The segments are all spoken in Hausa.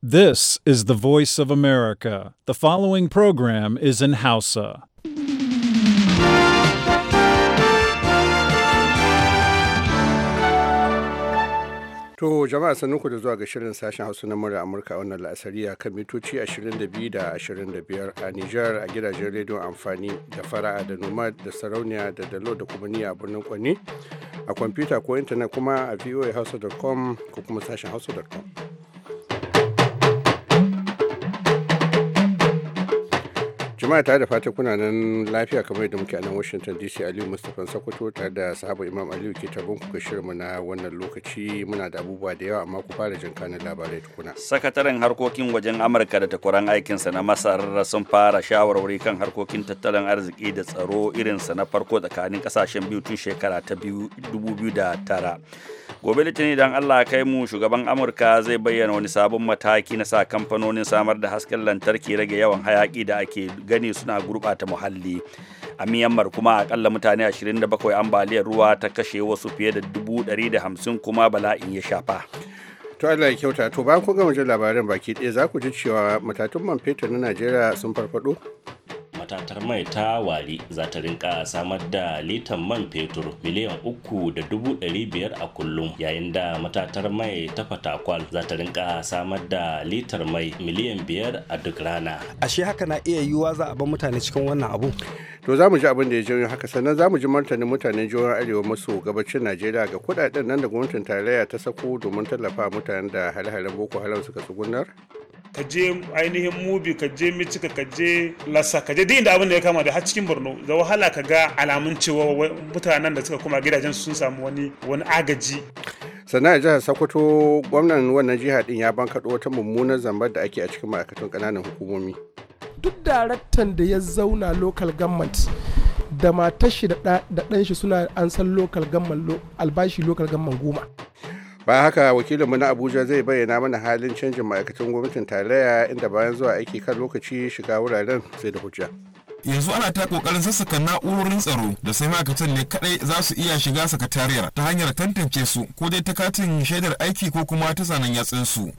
This is the voice of America. The following program is in Hausa. To jama'a sanuku da zuwa ga shirin sashen Hausa na murya Amurka a wannan la'asari a kan mitoci 22 da 25 a Nijar a gidajen rediyon amfani da fara'a da nomad da sarauniya da dalo da kuma a birnin Kwani a kwamfuta ko intanet kuma a voahausa.com ko kuma sashen hausa.com. Juma'a tare da fata kuna nan lafiya kamar yadda muke a nan Washington DC Aliyu Mustapha Sokoto tare da sahaba Imam Aliyu ke tabon ku ga shirinmu na wannan lokaci muna da abubuwa da yawa amma ku fara jin kanin labarai tukuna. Sakataren harkokin wajen Amurka da takwaran aikinsa na Masar sun fara shawarwari kan harkokin tattalin arziki da tsaro irinsa na farko tsakanin kasashen biyu tun shekara ta biyu da tara. gobe litinin idan allah kai mu shugaban amurka zai bayyana wani sabon mataki na sa kamfanonin samar da hasken lantarki rage yawan hayaki da ake gani suna gurɓata muhalli a myanmar kuma akalla mutane 27 ambaliyar ruwa ta kashe wasu fiye da 150 kuma bala'in ya shafa to Allah ya kyauta to bayan ku gama jin labaran baki ɗaya za ku ji cewa matatun man fetur na Najeriya sun farfado matatar mai ta wari za ta rinka samar da litan man fetur miliyan uku da dubu ɗari biyar a kullum yayin da matatar mai ta fatakwal za ta rinka samar da litar mai miliyan biyar a duk rana ashe haka na iya yiwuwa za a bar mutane cikin wannan abu to za mu ji abin da ya janyo haka sannan za mu ji martanin mutanen jihohin arewa maso gabacin najeriya ga kudaden nan da gwamnatin tarayya ta sako domin tallafa mutanen da hale-halen boko haram suka tsugunar ka je ainihin mubi ka je micika ka je lasa ka je duk inda abin da ya kama da har cikin borno da wahala ka ga alamun cewa mutanen da suka kuma gidajen sun samu wani wani agaji sannan a jihar sokoto gwamnan wannan jihar din ya bankaɗo wata mummunar zambar da ake a cikin ma'aikatan ƙananan hukumomi duk daraktan da ya zauna local government da matar shi da ɗan shi suna an san local government albashi local government goma ba haka wakilinmu na abuja zai bayyana mana halin canjin ma'aikatan gwamnatin tarayya inda bayan zuwa aiki kan lokaci shiga wuraren sai da hujja yanzu ana ta kokarin sassaka na'urorin tsaro da sai ma'aikatan ne kadai za su iya shiga sakatariyar ta hanyar tantance su ko dai ta katin shaidar aiki ko kuma ta sanan yatsun su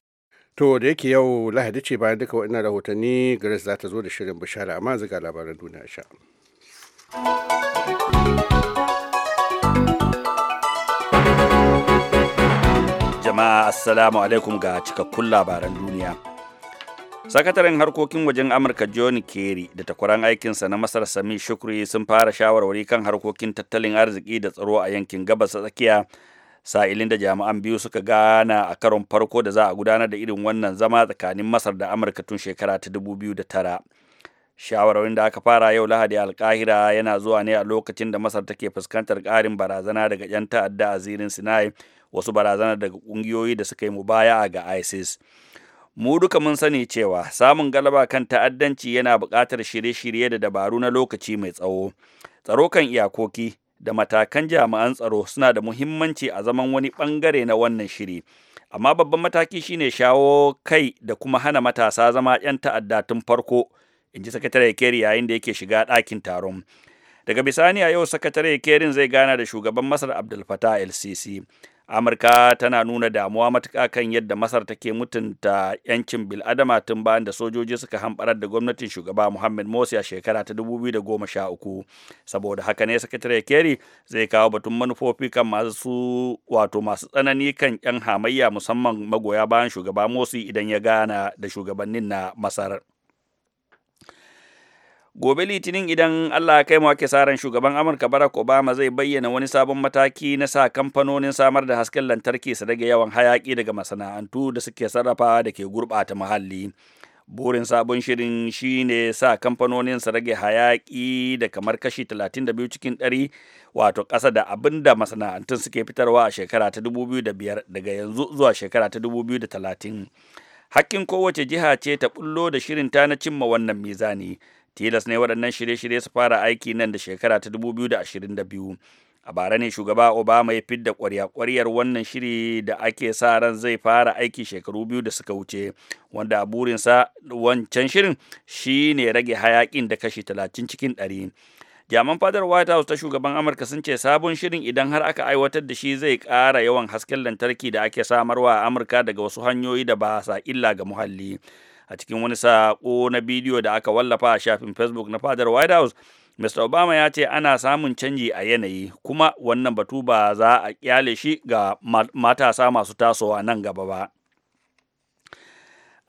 to da yake yau lahadi ce bayan duka waɗannan rahotanni grace za ta zo da shirin bishara amma ziga labaran duniya sha jama'a assalamu alaikum ga cikakkun labaran duniya sakataren harkokin wajen amurka john kerry da takwaran aikinsa na masar sami shukri sun fara shawarwari kan harkokin tattalin arziki da tsaro a yankin gabas tsakiya sa'ilin da jami'an biyu suka gana a karon farko da za a gudanar da irin wannan zama tsakanin masar da amurka tun shekara ta 2009 shawarwarin da aka fara yau lahadi alkahira yana zuwa ne a lokacin da masar take fuskantar ƙarin barazana daga 'yan ta'adda a zirin sinai wasu barazanar daga ƙungiyoyi da suka yi mu baya ga isis mu duka mun sani cewa samun galaba kan ta'addanci yana buƙatar shirye-shirye da dabaru na lokaci mai tsawo tsaro kan iyakoki da matakan jami'an tsaro suna da muhimmanci a zaman wani ɓangare na wannan shiri amma babban mataki shine shawo kai da kuma hana matasa zama 'yan ta'adda tun farko in ji sakatare keri yayin da yake shiga ɗakin taron daga bisani a yau sakatare kerin zai gana da shugaban masar abdul fatah el sisi amurka tana nuna damuwa matuƙa kan yadda masar take mutunta yancin biladama tun bayan da sojoji suka hamɓarar da gwamnatin shugaba muhammad morsi a shekara ta 2013 saboda haka ne sakatare kerry zai kawo batun manufofi kan masu wato masu tsanani kan yan hamayya musamman magoya bayan shugaba morsi idan ya gana da shugabannin na masar gobe litinin idan allah ya kai mu ake saran shugaban amurka barack obama zai bayyana wani sabon mataki na sa kamfanonin samar da hasken lantarki su rage yawan hayaki daga masana'antu da suke sarrafa da ke gurɓata muhalli burin sabon shirin shine sa kamfanonin su rage hayaki da kamar kashi 32 cikin 100 wato ƙasa da abin da masana'antun suke fitarwa a shekara ta 2005 daga yanzu zuwa shekara ta 2030 hakkin kowace jiha ce ta bullo da shirin ta na cimma wannan mizani tilas ne waɗannan shirye-shirye su fara aiki nan da shekara ta 2022 a bara ne shugaba obama ya fidda kwarya-kwaryar wannan shiri da ake sa ran zai fara aiki shekaru biyu da suka wuce wanda a burinsa wancan shirin shi ne rage hayaƙin da kashi 30 cikin ɗari jaman fadar white house ta shugaban amurka sun ce sabon shirin idan har aka aiwatar da shi zai ƙara yawan hasken lantarki da ake samarwa a amurka daga wasu hanyoyi da ba sa illa ga muhalli a cikin wani saƙo na bidiyo da aka wallafa a shafin facebook na fadar white house mr obama ya ce ana samun canji a yanayi kuma wannan batu ba za a kyale shi ga matasa masu tasowa nan gaba ba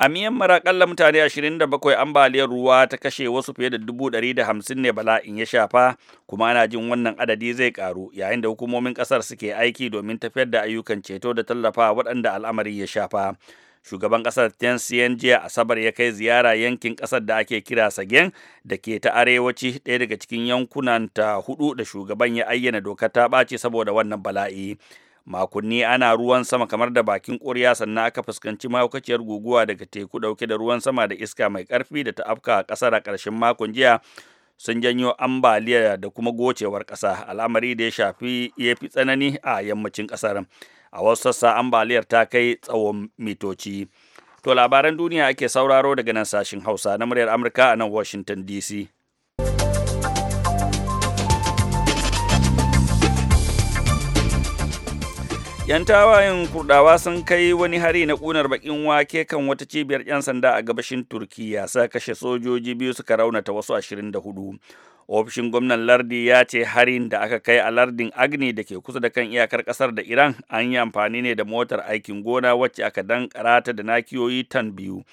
A Myanmar akalla mutane 27 ambaliyar ruwa ta kashe wasu fiye da 150 ne bala in ya shafa kuma ana jin wannan adadi zai karu yayin da hukumomin kasar suke aiki domin tafiyar da ayyukan ceto da tallafa waɗanda al'amari ya shafa. shugaban ƙasar CNG jiya asabar ya kai ziyara yankin ƙasar da ake kira sagen da ke ta arewaci ɗaya daga cikin yankunan ta hudu da shugaban ya ayyana doka ta ɓace saboda wannan bala'i makunni ana ruwan sama kamar da bakin ƙuriya sannan aka fuskanci mahaukaciyar guguwa daga teku ɗauke da ruwan sama da iska mai ƙarfi da ta afka a ƙasar a ƙarshen makon jiya sun janyo ambaliya da kuma gocewar ƙasa al'amari da ya shafi ya fi tsanani a yammacin ƙasar a wasu sassa ambaliyar ta kai tsawon mitoci to labaran duniya ake sauraro daga nan sashin hausa na muryar amurka a nan washington dc 'Yan tawayen Kurdawa sun kai wani hari na ƙunar bakin wake kan wata cibiyar 'yan sanda a gabashin Turkiyya sa kashe sojoji biyu suka raunata wasu 24. Ofishin gwamnan lardi ya ce harin da aka kai a lardin Agni da ke kusa da kan iyakar ƙasar da Iran an yi amfani ne da motar aikin gona wacce aka dan karata da nakiyoyi tan biyu.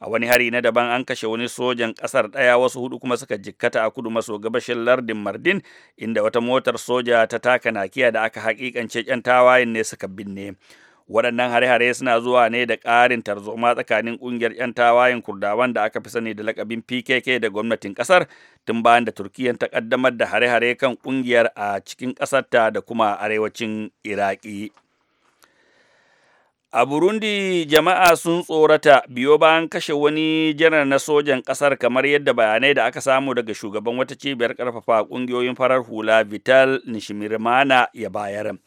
a wani hari na daban an kashe wani sojan ƙasar ɗaya wasu hudu kuma suka jikkata a kudu maso gabashin lardin mardin inda wata motar soja ta taka nakiya da aka hakikance yan tawayen ne suka binne waɗannan hare-hare suna zuwa ne da ƙarin tarzoma tsakanin ƙungiyar 'yan tawayen kurdawan da aka fi sani da lakabin pkk da gwamnatin ƙasar tun bayan da turkiyya ta ƙaddamar da hare-hare kan ƙungiyar a cikin ƙasarta da kuma arewacin iraki A Burundi jama'a sun tsorata biyo bayan kashe wani janar na sojan ƙasar kamar yadda bayanai da aka samu daga shugaban wata cibiyar ƙarfafa ƙungiyoyin farar hula Vital Nishimirmana ya bayar.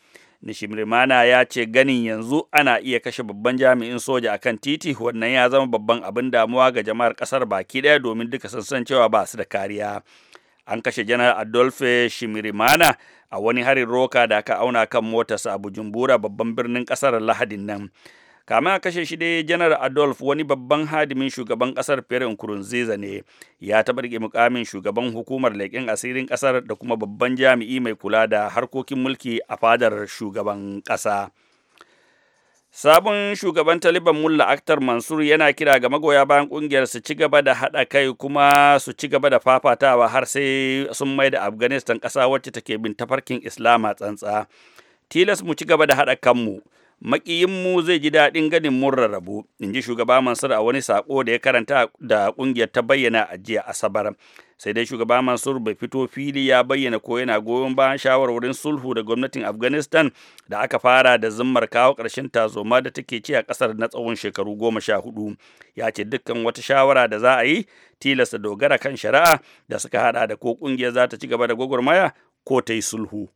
Nishimirmana ya ce ganin yanzu ana iya kashe babban jami'in soja a kan titi wannan ya zama babban abin damuwa ga jama'ar ƙasar baki ɗaya domin duka sun san cewa ba su da kariya. An kashe janar Adolphe Shimirimana a wani harin roka da aka auna kan motarsa a bujumbura babban birnin kasar lahadin nan kama a kashe shi dai janar adolf wani babban hadimin shugaban kasar pierre nkurunziza ne ya taɓa rike mukamin shugaban hukumar leƙen asirin kasar da kuma babban jami'i mai kula da harkokin mulki a fadar shugaban ƙasa. Sabon shugaban Taliban Mulla Akhtar Mansur yana kira ga magoya bayan kungiyar su ci gaba da haɗa kai kuma su ci gaba da fafatawa har sai sun mai da Afghanistan ƙasa wacce take bin tafarkin Islama tsantsa. Tilas mu ci gaba da haɗa kanmu. Makiyinmu zai ji daɗin ganin mun rarrabu, in ji shugaba Mansur a wani saƙo da ya karanta da ƙungiyar ta bayyana a jiya Asabar. sai dai shugaba mansur bai fito fili ya bayyana ko yana goyon bayan shawarwarin sulhu da gwamnatin afghanistan da aka fara da zimmar kawo karshen tazoma da take ci a ƙasar na tsawon shekaru goma sha hudu ya ce dukkan wata shawara da za a yi tilasta dogara kan shari'a da suka hada da ko ƙungiyar za ta ci gaba da gwagwarmaya ko ta yi sulhu.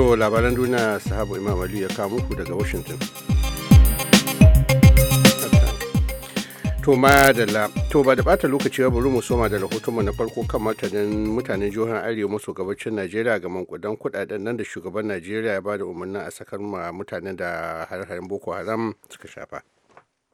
To labaran duniya sahabu Imam Ali ya kawo muku daga Washington. To da to ba da bata lokaci bari mu soma da rahotonmu na farko kan martanin mutanen jihar Arewa maso gabacin Najeriya ga mankudan kudaden nan da shugaban Najeriya ya ba da umarnin a sakar mutanen da har Boko Haram suka shafa.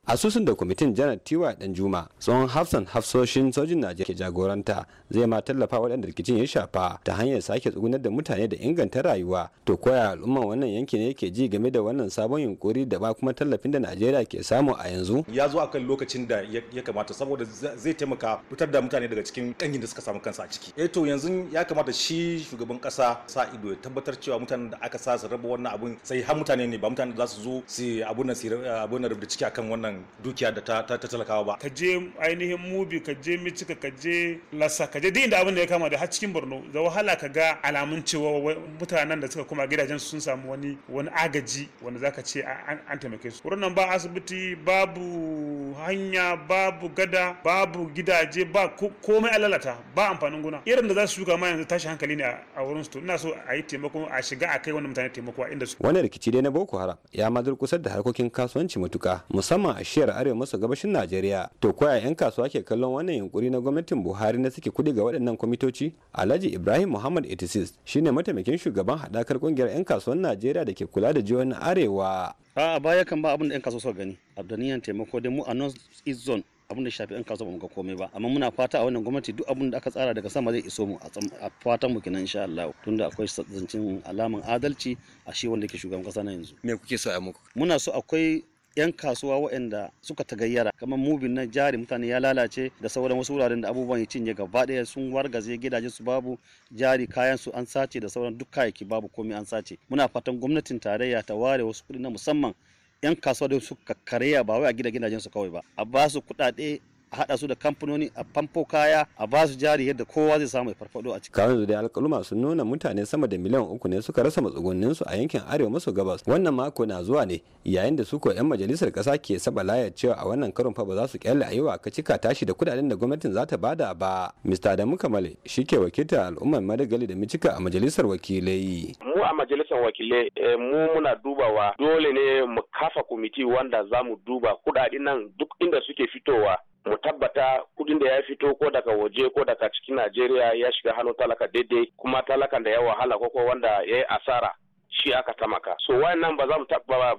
asusun da kwamitin janar tiwa dan juma tsohon hafsan hafsoshin sojin najeriya ke jagoranta zai ma tallafa waɗanda rikicin ya shafa ta hanyar sake tsugunar da mutane da inganta rayuwa to koya al'umman wannan yanki ne ke ji game da wannan sabon yunkuri da ba kuma tallafin da najeriya ke samu a yanzu ya zo akan lokacin da ya kamata saboda zai taimaka fitar da mutane daga cikin kangin da suka samu kansa a ciki eh to yanzu ya kamata shi shugaban kasa sa ido ya tabbatar cewa mutanen da aka sa su raba wannan abun sai har mutane ne ba mutanen da za su zo su abun nan su abun nan rubuta ciki akan wannan dukiya da ta, ta, talakawa ba ka je ainihin mubi ka je micika ka je lasa ka je duk inda abin da ya kama da har cikin borno da wahala ka ga alamun cewa mutanen da suka koma gidajen sun samu wani wani agaji wanda zaka ce an taimake su wurin nan ba asibiti babu hanya babu gada babu gidaje ba komai alalata ba amfanin gona irin da za su shuka ma yanzu tashi hankali ne a wurin su ina so a yi taimako a shiga a kai wani mutane taimako a inda su wani rikici dai na boko haram ya ma kusa da harkokin kasuwanci matuka musamman a shiyar arewa maso gabashin najeriya to koya yan kasuwa ke kallon wannan yunkuri na gwamnatin buhari na suke kudi ga waɗannan kwamitoci alhaji ibrahim muhammad 86 shine mataimakin shugaban haɗakar ƙungiyar yan kasuwan najeriya da ke kula da jihohin arewa a baya kan ba abin da yan kasuwa suka gani abdaniyan taimako dai mu a north east zone abin da shafi 'yan kasuwa ba mu ga komai ba amma muna fata a wannan gwamnati duk abin da aka tsara daga sama zai iso mu a fatan mu kenan insha Allah tunda akwai zancen alaman adalci a shi wanda yake shugaban kasa na yanzu me kuke so a muku muna so akwai 'yan kasuwa waɗanda suka tagayyara kamar mubin na jari mutane ya lalace da sauran wasu wuraren da abubuwan ya cinye gaba ɗaya sun wargaze gidajen su babu jari kayan su an sace da sauran duk kayayyaki babu komai an sace muna fatan gwamnatin tarayya ta ware wasu kuɗi na musamman 'yan kasuwa da suka karya ba wai a gidajen su kawai ba a basu su kuɗaɗe a haɗa su da kamfanoni a famfo kaya a ba su jari yadda kowa zai samu ya farfado a cikin. Kawai dai alƙaluma sun nuna mutane sama da miliyan uku ne suka rasa matsugunnin su a yankin arewa maso gabas. Wannan mako na zuwa ne yayin da su ko 'yan majalisar ƙasa ke saba layar cewa a wannan karon fa ba za su kyalle a yi wa cika tashi da kudaden da gwamnatin za ta bada ba. Mr. Adamu Kamale shi ke wakilta al'ummar Madagali da Micika a majalisar wakilai. Mu a majalisar wakilai eh, mu muna dubawa dole ne mu kafa kwamiti wanda za mu duba kudaden nan duk inda suke fitowa mu tabbata kudin da ya fito ko daga waje ko daga cikin Najeriya ya shiga hannun talaka daidai kuma talakan da ya wahala ko wanda ya yi asara shi aka tamaka. So nan ba za mu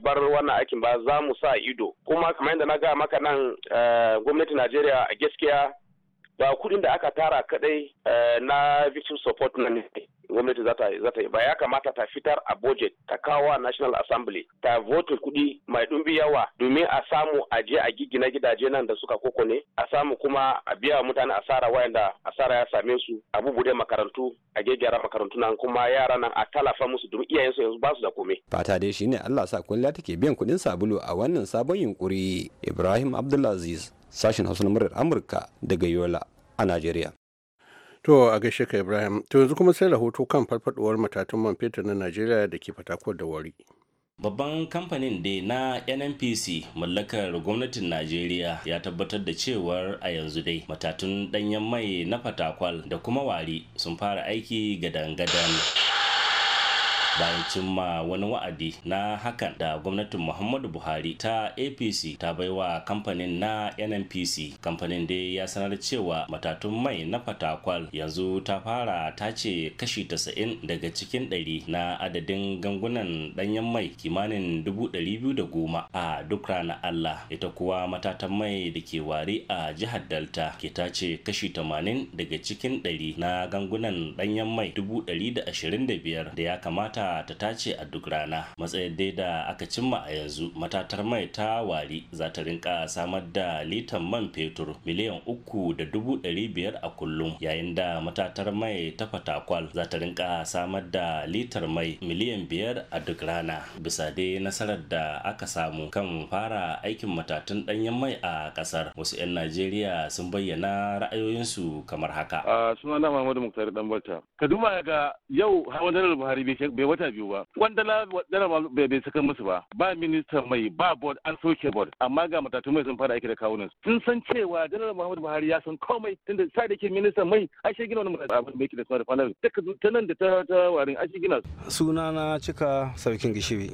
bar wannan aikin ba za mu sa ido. Kuma kamar yadda na ga maka nan eh, gwamnatin Najeriya a gaskiya ba kudin da aka tara kadai eh, na victim support na ne gwamnati za ta yi ba ya kamata ta fitar a budget ta kawo national assembly ta vote kudi mai ɗumbi yawa domin a samu a je a gigina gidaje nan da suka koko ne a samu kuma a biya wa mutane asara wayanda asara ya same su a bubude makarantu a gyara makarantu nan kuma yara nan a talafa musu domin iyayen su yanzu ba su da komai fata dai shine Allah sa kulla take biyan kuɗin sabulu a wannan sabon yunkuri Ibrahim Abdulaziz sashin Hausa na murar Amurka daga Yola a Najeriya To a gaishe ka Ibrahim, to yanzu kuma sai rahoto kan farfaduwar matatun man fetur na Najeriya da ke fatakwar da wari. Babban kamfanin da na NNPC mallakar gwamnatin Najeriya ya tabbatar da cewar a yanzu dai matatun danyen mai na fatakwal da kuma wari sun fara aiki gadan-gadan. bayan cimma wani wa'adi na hakan da gwamnatin muhammadu buhari ta apc ta baiwa kamfanin na nnpc kamfanin da ya sanar cewa matatun mai na fatakwal yanzu ta fara tace kashi 90 daga cikin 100 na adadin gangunan danyen mai kimanin 210 a duk rana allah ita kuwa matatan mai da ke ware a jihar delta ke ce kashi 80 daga cikin 100 na gangunan danyen mai 125 da ya kamata ta tace a duk rana matsayin dai da aka cimma a yanzu matatar mai ta wari za ta rinka samar da litan man fetur miliyan uku da dubu ɗari biyar a kullum yayin da matatar mai ta fatakwal za ta rinka samar da litar mai miliyan biyar a duk rana bisa dai nasarar da aka samu kan fara aikin matatun ɗanyen mai a ƙasar wasu 'yan najeriya sun bayyana ra'ayoyinsu kamar haka. sunana Muhammadu Muktari Ka duba ga yau hawan Buhari bai wata biyu ba kwandala dala bai saka musu ba ba minista mai ba board an soke board amma ga matatu mai sun fara aiki da kawunan sun san cewa janar muhammadu buhari ya san komai tunda sai da ke minista mai ashe gina wani abin da yake da suna da fanar ta nan da ta warin ashe gina sunana cika sarkin gishiri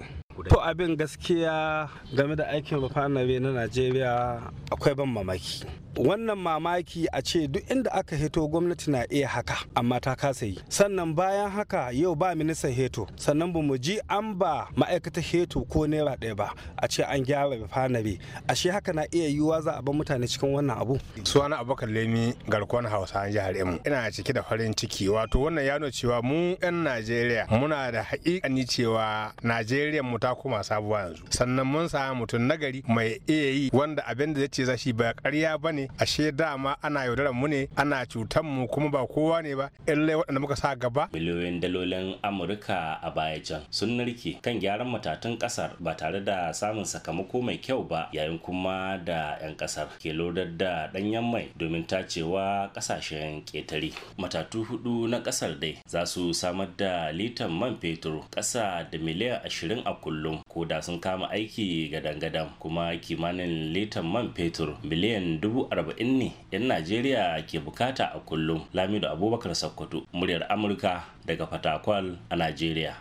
To abin gaskiya game da aikin rufa na Najeriya akwai ban mamaki. Wannan mamaki a ce duk inda aka heto gwamnati na iya haka amma ta kasa yi. Sannan bayan haka yau ba ministan heto sannan ba mu ji an ba ma'aikata heto ko naira ɗaya ba a ce an gyara rufanare a shi haka na iya yiwuwa za a bar mutane cikin wannan abu. Suwana Abubakar Lemi garkuwan Hausa an jihar Emu. Ina cike da farin ciki wato wannan ya nuna cewa mu 'yan Najeriya muna da haƙiƙani cewa Najeriya mu ta koma sabuwa yanzu sannan mun sa mutum nagari mai iya yi wanda abin da ya ce shi. ba karya ba ne ashe dama ana yaudaran mu ne ana cutar mu kuma ba kowa ne ba illai waɗanda muka sa gaba miliyoyin dalolin amurka a baya can sun narke kan gyaran matatun ƙasar ba tare da samun sakamako mai kyau ba yayin kuma da 'yan ƙasar ke lodar da ɗanyen mai domin tacewa ƙasashen ƙetare matatu hudu na ƙasar dai za su samar da litan man fetur ƙasa da miliyan ashirin a kullum kullum ko da sun kama aiki gadan-gadan kuma kimanin litan man fetur miliyan dubu arba'in ne 'yan najeriya ke bukata a kullum lamido abubakar sakkwato muryar amurka daga fatakwal a najeriya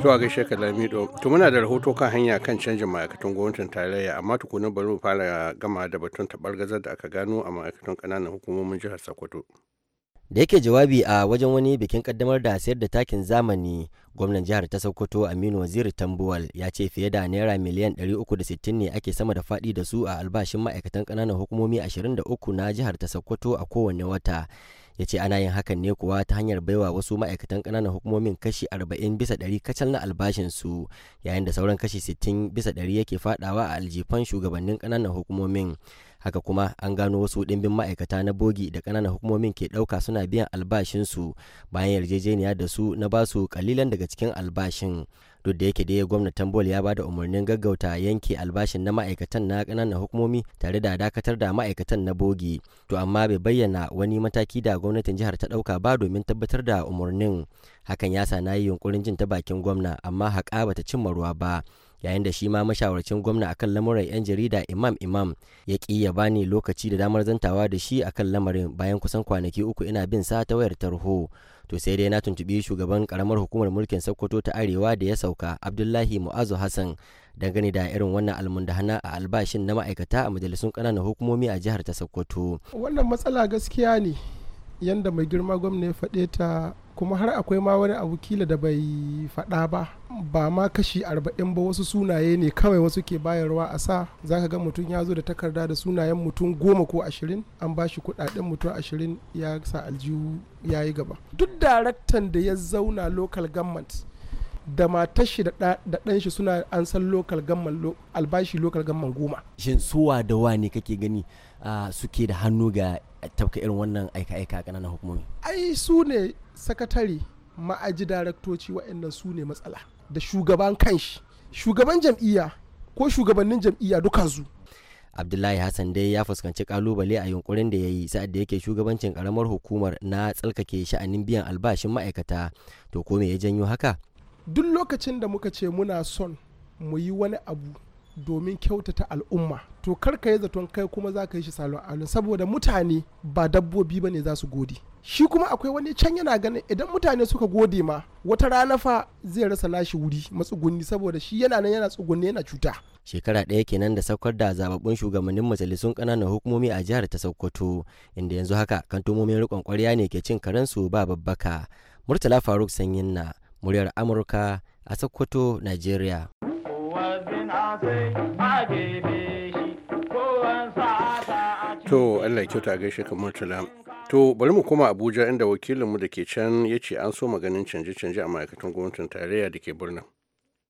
zuwa gaishe ka lamido to muna da rahoto kan hanya kan canjin ma'aikatan gwamnatin tarayya amma tukuna bari mu fara gama da batun taɓar gazar da aka gano a ma'aikatan ƙananan hukumomin jihar sokoto da yake jawabi a wajen wani bikin kaddamar da sayar da takin zamani gwamnan jihar ta sokoto aminu waziri tambuwal ya ce fiye da naira miliyan 360 ne ake sama da fadi da su a albashin ma'aikatan kananan hukumomi 23 na jihar ta sokoto a kowane wata ya ce ana yin hakan ne kuwa ta hanyar baiwa wasu ma'aikatan kananan hukumomin kashi 40 bisa 100 kacal na albashin su yayin da sauran kashi 60 bisa 100 yake fadawa a aljifan shugabannin kananan hukumomin haka kuma an gano wasu ɗimbin ma'aikata na bogi da ƙananan hukumomin ke ɗauka suna biyan albashinsu bayan yarjejeniya da su na basu kalilan daga cikin albashin duk da yake dai gwamnatin bol ya bada umarnin gaggauta yanke albashin na ma'aikatan na ƙananan hukumomi tare da dakatar da ma'aikatan na bogi to amma bai bayyana wani mataki da gwamnatin jihar ta ɗauka ba domin tabbatar da umarnin hakan ya sa na yi yunkurin jin ta bakin gwamna amma haƙa bata cimma ruwa ba yayin da shi ma mashawarcin gwamna akan lamuran 'yan jarida imam imam ya ki ya bani lokaci da damar zantawa da shi akan lamarin bayan kusan kwanaki uku ina bin sa ta wayar tarho to sai dai na tuntubi shugaban karamar hukumar mulkin sokoto ta arewa da ya sauka abdullahi mu'azu hassan dangane da irin wannan almundahana a albashin na ma'aikata a majalisun ƙananan hukumomi a jihar ta sokoto wannan matsala gaskiya ne yanda mai girma gwamna ya faɗe ta kuma har akwai ma wani abu kila da bai faɗa ba ba ma kashi arba'in ba wasu sunaye ne kawai wasu ke bayarwa a sa za ka ga mutum ya zo da takarda da sunayen mutum goma ko ashirin an ba shi kuɗaɗen mutum ashirin ya sa aljihu ya yi gaba duk daraktan da ya zauna local government da matar shi da ɗan shi suna an san lokal gamman albashi lokal gamman goma. Shin suwa da ne kake gani ah, suke da hannu ga tafka irin wannan aika-aika ƙananan hukumomi? Ai su ne sakatare ma'aji daraktoci waɗannan su ne matsala da shugaban kanshi shugaban jam'iyya ko shugabannin jam'iyya dukansu abdullahi hassan dai ya fuskanci kalubale a yunkurin da ya yi sa'ad da yake shugabancin karamar hukumar na tsalkake sha'anin biyan albashin ma'aikata to ko me ya janyo haka duk lokacin da muka ce muna son mu yi wani abu domin kyautata al'umma to karka yi zaton kai kuma za ka yi shi salon alun saboda mutane ba dabbobi ba ne za su gode shi kuma akwai wani can yana ganin idan mutane suka gode ma wata rana fa zai rasa nashi wuri matsugunni saboda shi yana nan yana tsugunni yana cuta shekara ɗaya kenan da saukar da zababbun shugabannin majalisun ƙananan hukumomi a jihar ta sokoto inda yanzu haka kantomomin riƙon ƙwarya ne ke cin karensu ba babbaka murtala faruk sanyin na muryar amurka a sokoto nigeria To Allah kyauta gaishe kamar tala. To bari mu koma Abuja inda wakilinmu da ke can ya ce an so maganin canje-canje a ma'aikatan gwamnatin tarayya da ke birnin.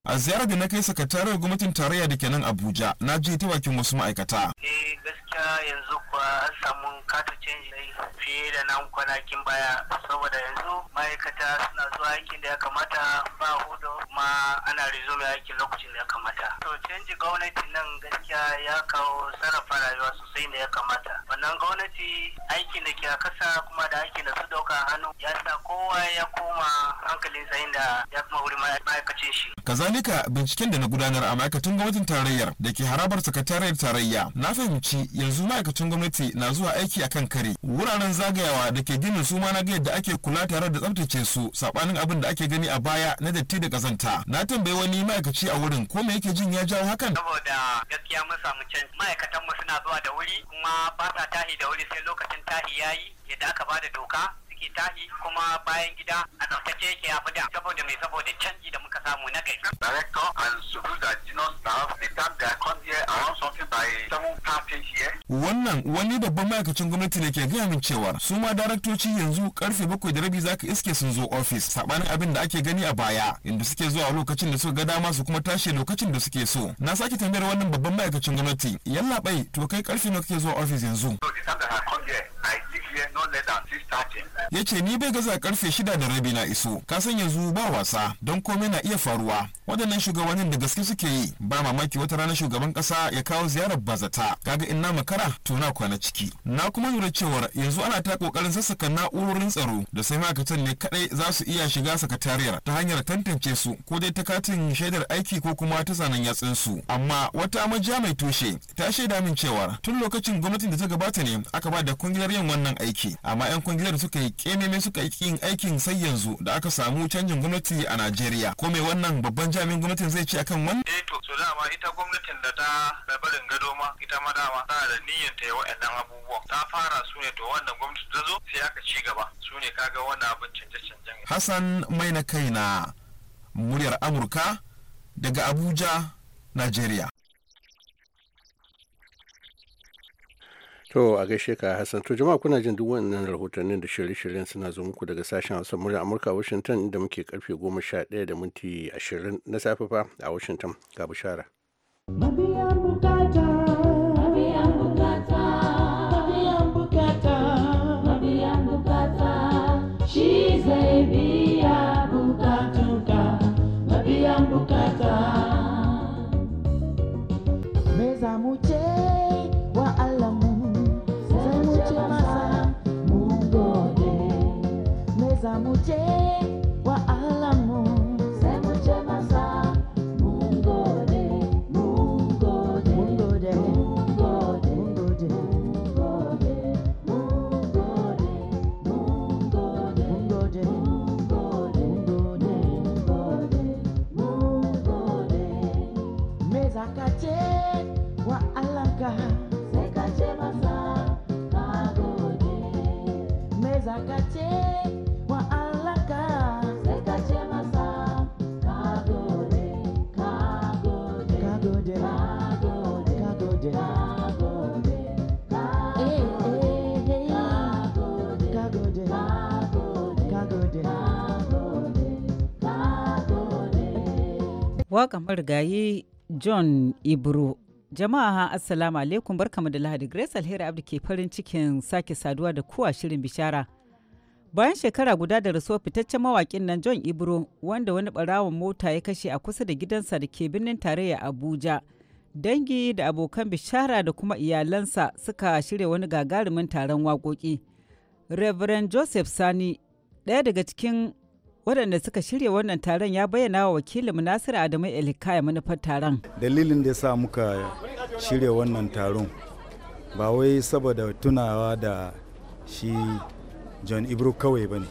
A ziyarar da na kai sakataren gwamnatin tarayya da ke nan Abuja na je ta bakin wasu ma'aikata. Eh gaskiya yanzu kuwa an samu kata canji fiye da nan kwanakin baya saboda yanzu ma'aikata suna zuwa aikin da ya kamata ba hudu ma ana resume aikin lokacin da ya kamata to canji gwamnati nan gaskiya ya kawo sarrafa rayuwa sosai da ya kamata wannan gwamnati aikin da ke a kasa kuma da aikin da su dauka hannu ya sa kowa ya koma hankalinsa inda ya kuma wuri ma'aikacin shi kazalika binciken da na gudanar a ma'aikatan gwamnatin tarayyar da ke harabar sakatariyar tarayya na fahimci yanzu ma'aikacin gwamnati na zuwa aiki a kan kare wuraren zagayawa da ke ginin su ma na ga yadda ake kula tare da tsabtace su saɓanin abin da ake gani a baya na datti da kazanta na tambayi wani ma'aikaci a wurin ko me yake jin ya jawo hakan saboda gaskiya mun samu canji ma'aikatan mu suna zuwa da wuri kuma ba sa tahi da wuri sai lokacin tahi yayi yadda aka ba da doka ke tashi kuma bayan gida a tsaftace yake ya saboda mai saboda canji da muka samu na gari. Director and Subu the time they come here around something by seven thirty here. Wannan wani babban ma'aikacin gwamnati ne ke gaya min cewar su ma daraktoci yanzu karfe bakwai da rabi za zaka iske sun zo ofis sabanin abin da ake gani a baya inda suke zuwa lokacin da suka ga dama su kuma tashi lokacin da suke so. Na sake tambayar wannan babban ma'aikacin gwamnati yallaɓai to kai karfe nawa kake zuwa ofis yanzu. yace Ya ce ni bai gaza karfe shida da rabi na iso, ka san yanzu ba wasa don komai na iya faruwa. Waɗannan shugabannin da gaske suke yi ba mamaki wata ranar shugaban ƙasa ya kawo ziyarar bazata. Kaga ina makara to na kwana ciki. Na kuma lura cewar yanzu ana ta kokarin sassaka na'urorin tsaro da sai ma'aikatan ne kaɗai za su iya shiga sakatariyar ta hanyar tantance su ko dai ta katin shaidar aiki ko kuma ta zanen su Amma wata amajiya mai tushe ta shaida min cewar tun lokacin gwamnatin da ta gabata ne aka ba da kungiyar yin wannan aiki amma yan kungiyar suka yi kememe suka yi yin aikin sai yanzu da aka samu canjin gwamnati a Najeriya ko me wannan babban jami'in gwamnatin zai ce akan wannan eh to so dama ita gwamnatin da ta da gado ma ita ma dama ta da niyyar ta yi waɗannan abubuwan ta fara su ne to wannan gwamnati ta zo sai aka ci gaba su ne kaga wannan abin canje-canjen Hassan mai na kaina muryar Amurka daga Abuja Najeriya To a gaishe ka Hassan to jama'a kuna jin duk wannan rahotannin da shirye-shiryen suna zo muku daga sashen Hausa murya Amurka Washington inda muke karfe goma sha ɗaya da minti ashirin na safe fa a Washington ga bishara. Me za mu ce Waka marigayi John Ibro. Jama'a Assalamu alaikum barkamu da Lahadi Grace Alheri Abdi ke farin cikin sake saduwa da kuwa shirin bishara. Bayan shekara guda da rasuwa fitaccen mawakin nan John Ibro wanda wani barawon mota ya kashe a kusa da gidansa da ke birnin tarayya Abuja. Dangi da abokan bishara da kuma iyalansa suka shirya wani gagarumin taron waƙoƙi. Reverend Joseph Sani ɗaya daga cikin waɗanda suka shirya wannan taron ya bayyana wa wakilin nasiru adamu elikaya manufar taron dalilin da ya sa muka shirya wannan taron ba wai saboda tunawa da shi john ibro kawai ba ne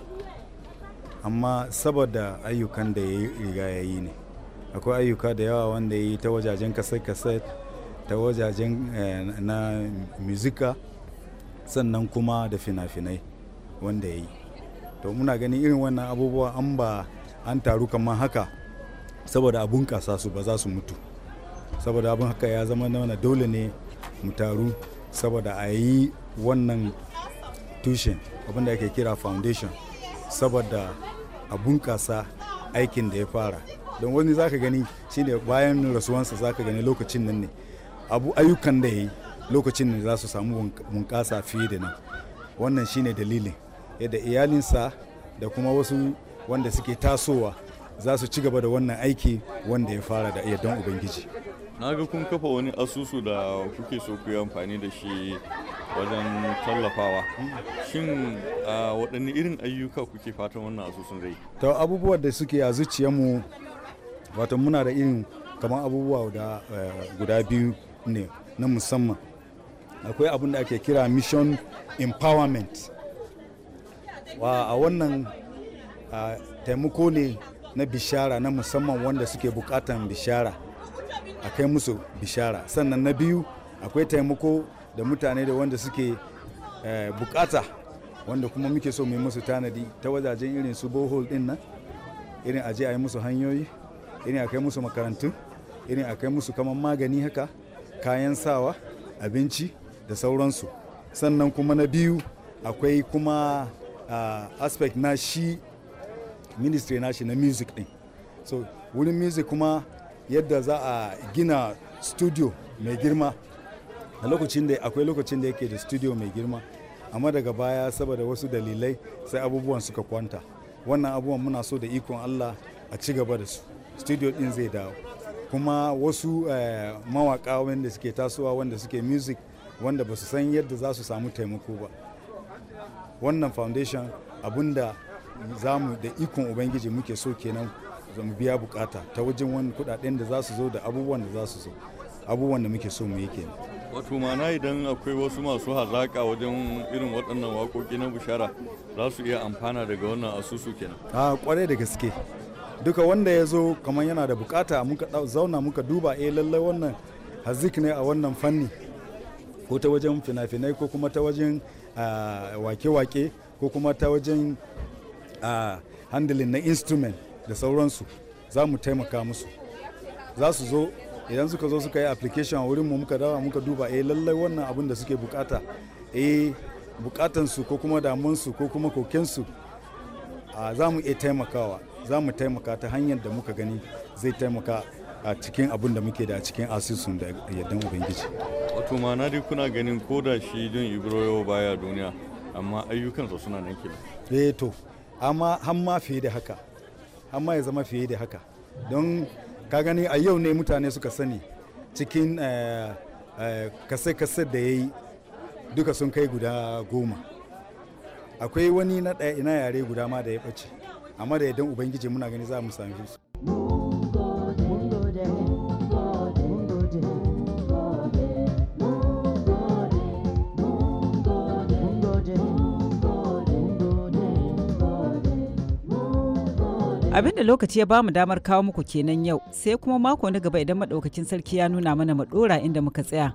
amma saboda ayyukan da ya riga ya yi ne akwai ayyuka da yawa wanda ya yi ta wajajen kaset-kaset ta wajajen eh, na muzika sannan kuma da fina-finai wanda ya yi to muna ganin irin wannan abubuwa an ba an taru kamar haka saboda a bunƙasa su ba za su mutu saboda abin haka ya zama na dole ne mu taru saboda a yi wannan tushen abinda ake kira foundation saboda a bunƙasa aikin da ya fara don wani zaka gani shine bayan rasuwansa zaka gani lokacin nan ne abu ayyukan da ya yi lokacin ne za su samu bunƙasa fiye da nan wannan shine dalilin yadda iyalinsa da kuma wasu wanda suke tasowa za su ci gaba da wannan aiki wanda ya fara da yardan ubangiji na ga kun kafa wani asusu da kuke so ku yi amfani da shi wajen tallafawa shin waɗanne irin ayyuka kuke fatan wannan asusun zai ta abubuwan da suke a zuciyarmu wato muna da irin kamar abubuwa guda eh, biyu ne na musamman akwai abin da ake kira mission empowerment wa a wannan taimako ne na bishara na musamman wanda suke bukatan bishara a kai musu bishara sannan na biyu akwai taimako da mutane da wanda suke eh, bukata wanda kuma muke so mu musu tanadi ta wajajen irin su bohol din nan irin aje a yi musu hanyoyi irin a kai musu makarantu irin a kai musu kamar magani haka kayan sawa abinci da sauransu sannan kuma na biyu akwai kuma Uh, aspect na shi ministry na shi na music din so wurin music kuma yadda za a gina studio mai girma a lokacin da akwai lokacin da yake da studio mai girma amma daga baya saboda wasu dalilai sai abubuwan suka kwanta wannan abubuwan muna so da ikon allah a ci gaba da su studio din zai dawo kuma wasu uh, eh, mawaka wanda suke tasowa wanda suke music wanda ba su san yadda za su samu taimako ba wannan foundation abinda za mu da ikon ubangiji muke so kenan za mu biya bukata ta wajen wani kudaden da za su zo da abubuwan da za su zo abubuwan da muke so mu yi kenan wato mana idan akwai wasu masu hazaƙa wajen irin waɗannan waƙoƙi na bushara za su iya amfana daga wannan asusu kenan a kwarai da gaske duka wanda ya zo kamar yana da bukata muka zauna muka duba eh lallai wannan hazik ne a wannan fanni ko ta wajen fina-finai ko kuma ta wajen wake-wake ko kuma ta wajen handling na instrument da sauransu za mu taimaka musu za su zo idan suka zo suka yi application a mu muka dawa muka duba eh lallai wannan abin da suke bukata eh bukatansu ko kuma damansu ko kuma kokensu za mu iya taimakawa za mu taimaka ta hanyar da muka gani zai taimaka a cikin abin da muke da a cikin asusun da yardan ubangiji wato na dai kuna ganin ko da shi don ibro baya duniya amma ayyukansa suna nan kenan eh to amma har ma fiye da haka har ya zama fiye da haka don ka gani a yau ne mutane suka sani cikin eh, eh, kase-kase da ya yi duka sun kai guda goma akwai wani na ɗaya ina yare guda ma da ya bace amma da idan ubangiji muna gani za mu sami su abin da lokaci ya bamu damar kawo muku kenan yau sai kuma mako na gaba idan maɗaukacin sarki ya nuna mana madora ɗora inda muka tsaya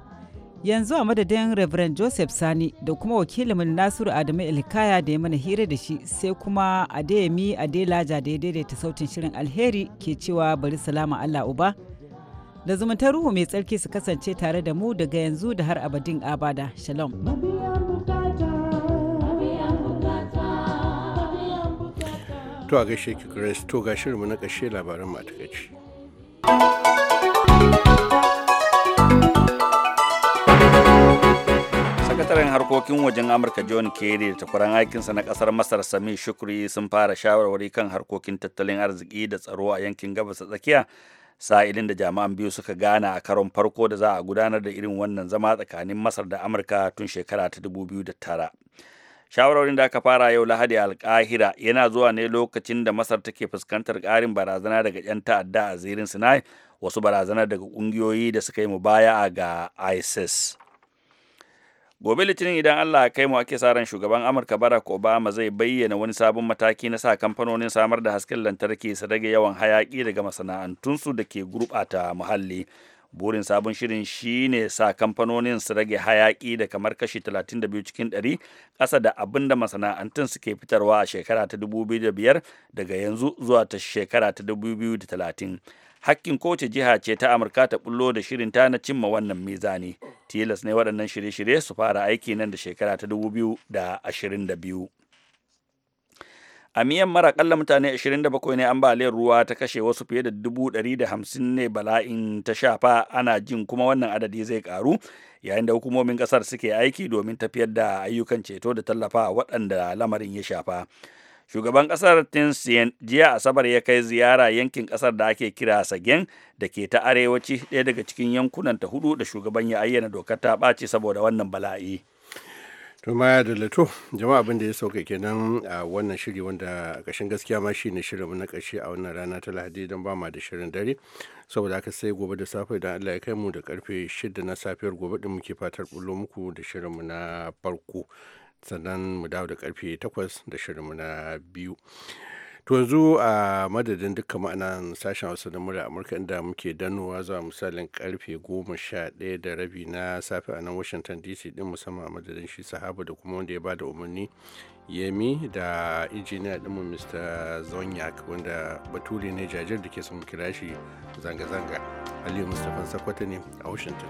yanzu a madadin reverend joseph sani da kuma wakilin nasiru adamu ilkaya da ya mana hira da shi sai kuma adeyemi adelaja da ya daidaita sautin shirin alheri ke cewa bari salama allah uba da zumuntar ruhu mai tsarki su kasance tare da mu daga yanzu da har abadin abada shalom To a gaishe ki Chris to ga shirinmu na ƙarshe labaran matakaici. sakataren harkokin wajen amurka john kerry da takwaran aikinsa na kasar masar sami shukri sun fara shawarwari kan harkokin tattalin arziki da tsaro a yankin gabas tsakiya sa'ilin da jama'an biyu suka gana a karon farko da za a gudanar da irin wannan zama tsakanin masar da amurka tun shekara ta 2009 shawarwarin da aka fara yau lahadi alkahira yana zuwa ne lokacin da masar take fuskantar karin barazana daga 'yan ta'adda a zirin sinai wasu barazana daga kungiyoyi da suka yi mu mubaya ga isis gobe litinin idan allah kai mu ake sa ran shugaban amurka barack obama zai bayyana wani sabon mataki na sa kamfanonin samar da hasken lantarki su rage yawan hayaki daga masana'antunsu da ke gurɓata muhalli burin sabon shirin shine sa kamfanonin su rage hayaki da kamar kashi 32 cikin 100 ƙasa da abin da masana'antun suke fitarwa a shekara ta 2005 daga yanzu zuwa ta shekara ta 2030 hakkin kowace jiha ce ta amurka ta bullo da shirin ta na cimma wannan mizani tilas ne waɗannan shirye-shirye su fara aiki nan da shekara ta 2022 a miyan mara akalla mutane 27 ne ambaliyar ruwa ta kashe wasu fiye da 150 ne bala'in ta shafa ana jin kuma wannan adadi zai karu yayin da hukumomin kasar suke aiki domin tafiyar da ayyukan ceto da tallafa waɗanda lamarin ya shafa shugaban kasar tinsiyan jiya asabar ya kai ziyara yankin kasar da ake kira sagen da ke ta arewaci ɗaya daga cikin yankunan ta hudu da shugaban ya ayyana dokar ta ɓaci saboda wannan bala'i. to ma da jama'a abin da ya sauka kenan a wannan shiri wanda kashin gaskiya ma shi ne shirin na kashi a wannan rana ta lahadi don ba ma da shirin dare saboda aka sai gobe da safe idan Allah ya kai mu da karfe shida na safiyar gobe din muke fatar bullo muku da shirin mu na farko sannan mu dawo da karfe 8 da shirin mu na biyu to yanzu a madadin duka ma'anan sashen hausa da murya amurka inda muke danowa zuwa misalin karfe goma sha ɗaya da rabi na safe a nan washington dc din musamman a madadin shi sahaba da kuma wanda ya ba da umarni yemi da injiniya ɗinmu mr zonyak wanda bature ne jajir da ke son kira shi zanga-zanga aliyu mustapha sakwata ne a washington